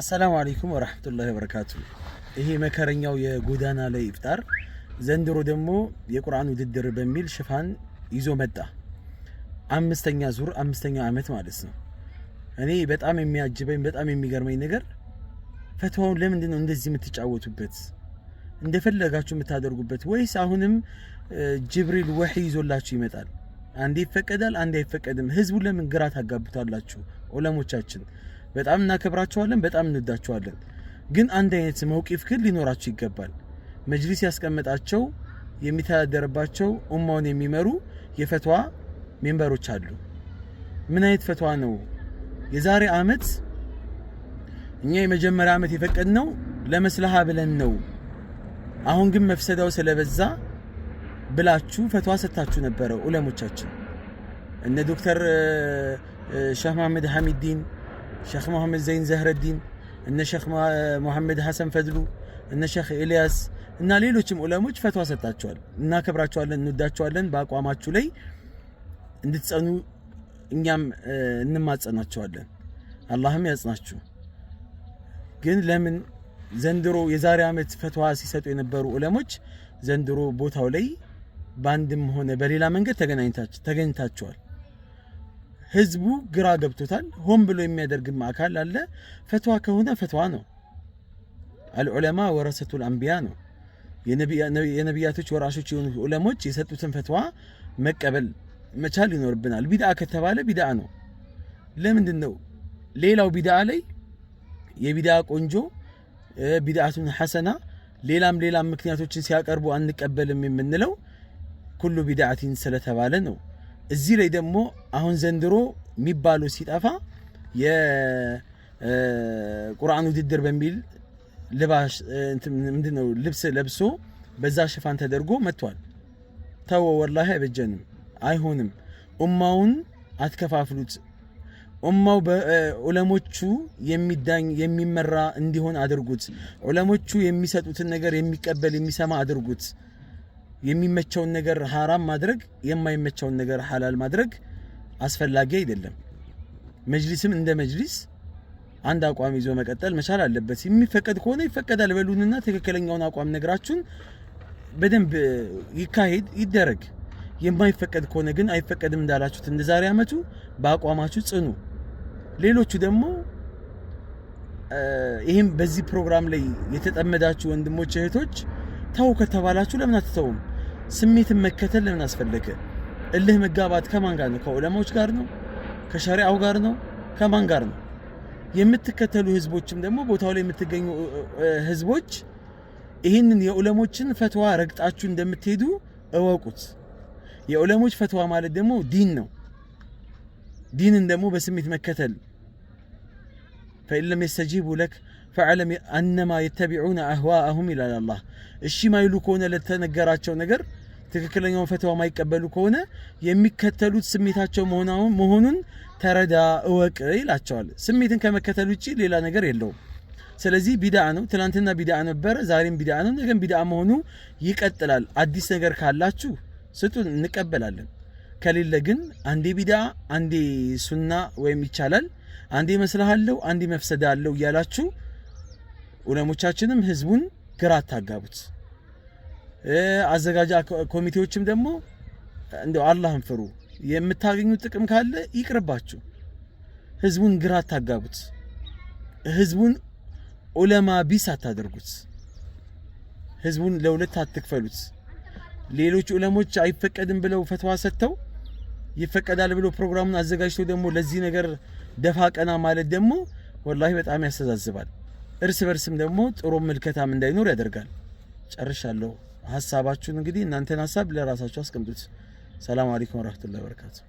አሰላሙ አለይኩም ወራህመቱላሂ ወበረካቱ። ይሄ መከረኛው የጎዳና ላይ ኢፍጣር ዘንድሮ ደግሞ የቁርአን ውድድር በሚል ሽፋን ይዞ መጣ። አምስተኛ ዙር አምስተኛ ዓመት ማለት ነው። እኔ በጣም የሚያጅበኝ በጣም የሚገርመኝ ነገር ፈትዋውን ለምንድን ነው እንደዚህ የምትጫወቱበት እንደፈለጋችሁ የምታደርጉበት? ወይስ አሁንም ጅብሪል ወሒ ይዞላችሁ ይመጣል? አንዴ ይፈቀዳል፣ አንዴ አይፈቀድም። ህዝቡ ለምን ግራ ታጋብታላችሁ? ዑለሞቻችን በጣም እናከብራቸዋለን፣ በጣም እንወዳቸዋለን። ግን አንድ አይነት መውቂፍ ግን ሊኖራቸው ይገባል። መጅሊስ ያስቀመጣቸው የሚተዳደርባቸው ኡማውን የሚመሩ የፈትዋ ሜምበሮች አሉ። ምን አይነት ፈትዋ ነው? የዛሬ አመት እኛ የመጀመሪያ አመት የፈቀድ ነው ብለን ነው። አሁን ግን መፍሰዳው ስለበዛ ብላችሁ ፈትዋ ሰጥታችሁ ነበረ ኡለሞቻችን እነ ዶክተር ሸህ መሐመድ ሐሚዲን ሼክ መሐመድ ዘይን ዘህረዲን፣ እነ ሼክ መሐመድ ሐሰን ፈድሉ፣ እነ ሼክ ኤልያስ እና ሌሎችም ዑለሞች ፈትዋ ሰጣቸዋል። እናከብራቸዋለን፣ እንወዳቸዋለን። በአቋማችሁ ላይ እንድትጸኑ እኛም እንማጸናቸዋለን። አላህም ያጽናችሁ። ግን ለምን ዘንድሮ የዛሬ ዓመት ፈትዋ ሲሰጡ የነበሩ ዑለሞች ዘንድሮ ቦታው ላይ በአንድም ሆነ በሌላ መንገድ ተገናኝታችኋል? ህዝቡ ግራ ገብቶታል። ሆን ብሎ የሚያደርግም አካል አለ። ፈትዋ ከሆነ ፈትዋ ነው። አልዑለማ ወረሰቱ ልአንቢያ ነው። የነቢያቶች ወራሾች የሆኑ ዑለሞች የሰጡትን ፈትዋ መቀበል መቻል ይኖርብናል። ቢድአ ከተባለ ቢድአ ነው። ለምንድን ነው ሌላው ቢድአ ላይ የቢድአ ቆንጆ ቢድአቱን ሐሰና ሌላም ሌላም ምክንያቶችን ሲያቀርቡ አንቀበልም የምንለው ኩሉ ቢድአቲን ስለተባለ ነው። እዚህ ላይ ደግሞ አሁን ዘንድሮ የሚባለው ሲጠፋ የቁርአን ውድድር በሚል ልባሽ ልብስ ለብሶ በዛ ሽፋን ተደርጎ መጥቷል። ተወ ወላሂ አይበጀንም፣ አይሆንም። ኡማውን አትከፋፍሉት። ኡማው በዑለሞቹ የሚዳኝ የሚመራ እንዲሆን አድርጉት። ዑለሞቹ የሚሰጡትን ነገር የሚቀበል የሚሰማ አድርጉት። የሚመቸውን ነገር ሀራም ማድረግ፣ የማይመቸውን ነገር ሀላል ማድረግ አስፈላጊ አይደለም። መጅሊስም እንደ መጅሊስ አንድ አቋም ይዞ መቀጠል መቻል አለበት። የሚፈቀድ ከሆነ ይፈቀዳል በሉንና ትክክለኛውን አቋም ነግራችሁን በደንብ ይካሄድ ይደረግ። የማይፈቀድ ከሆነ ግን አይፈቀድም እንዳላችሁት እንደ ዛሬ አመቱ በአቋማችሁ ጽኑ። ሌሎቹ ደግሞ ይህም በዚህ ፕሮግራም ላይ የተጠመዳችሁ ወንድሞች እህቶች ተው ከተባላችሁ ለምን አትተውም? ስሜትን መከተል ለምን አስፈለገ? እልህ መጋባት ከማን ጋር ነው? ከዑለማዎች ጋር ነው? ከሸሪዓው ጋር ነው? ከማን ጋር ነው? የምትከተሉ ህዝቦችም ደግሞ ቦታው ላይ የምትገኙ ህዝቦች ይህንን የዑለሞችን ፈትዋ ረግጣችሁ እንደምትሄዱ እወቁት። የዑለሞች ፈትዋ ማለት ደግሞ ዲን ነው። ዲንን ደግሞ በስሜት መከተል ፈኢለም የስተጂቡ ለክ ፈዕለም አነማ የተቢዑነ አህዋአሁም ይላል አላህ። እሺ ማይሉ ከሆነ ለተነገራቸው ነገር ትክክለኛውን ፈተዋ ማይቀበሉ ከሆነ የሚከተሉት ስሜታቸው መሆኑን ተረዳ እወቅ ይላቸዋል። ስሜትን ከመከተል ውጭ ሌላ ነገር የለውም። ስለዚህ ቢዳ ነው። ትናንትና ቢድዓ ነበረ፣ ዛሬም ቢዳ ነው፣ ነገም ቢድዓ መሆኑ ይቀጥላል። አዲስ ነገር ካላችሁ ስጡን፣ እንቀበላለን። ከሌለ ግን አንዴ ቢድዓ አንዴ ሱና ወይም ይቻላል፣ አንዴ መስልህ አለው፣ አንዴ መፍሰዳ አለው እያላችሁ ዑለሞቻችንም ህዝቡን ግራ አታጋቡት። አዘጋጅ ኮሚቴዎችም ደግሞ እንደው አላህን ፍሩ። የምታገኙት ጥቅም ካለ ይቅርባችሁ። ህዝቡን ግራ አታጋቡት። ህዝቡን ዑለማ ቢስ አታደርጉት። ህዝቡን ለሁለት አትክፈሉት። ሌሎች ዑለሞች አይፈቀድም ብለው ፈትዋ ሰጥተው ይፈቀዳል ብለው ፕሮግራሙን አዘጋጅተው ደግሞ ለዚህ ነገር ደፋ ቀና ማለት ደግሞ ወላሂ በጣም ያስተዛዝባል። እርስ በርስም ደግሞ ጥሩ ምልከታም እንዳይኖር ያደርጋል። ጨርሻለሁ። ሀሳባችሁን እንግዲህ እናንተን ሀሳብ ለራሳችሁ አስቀምጡት። ሰላም አለይኩም ወራህመቱላሂ ወበረካቱሁ።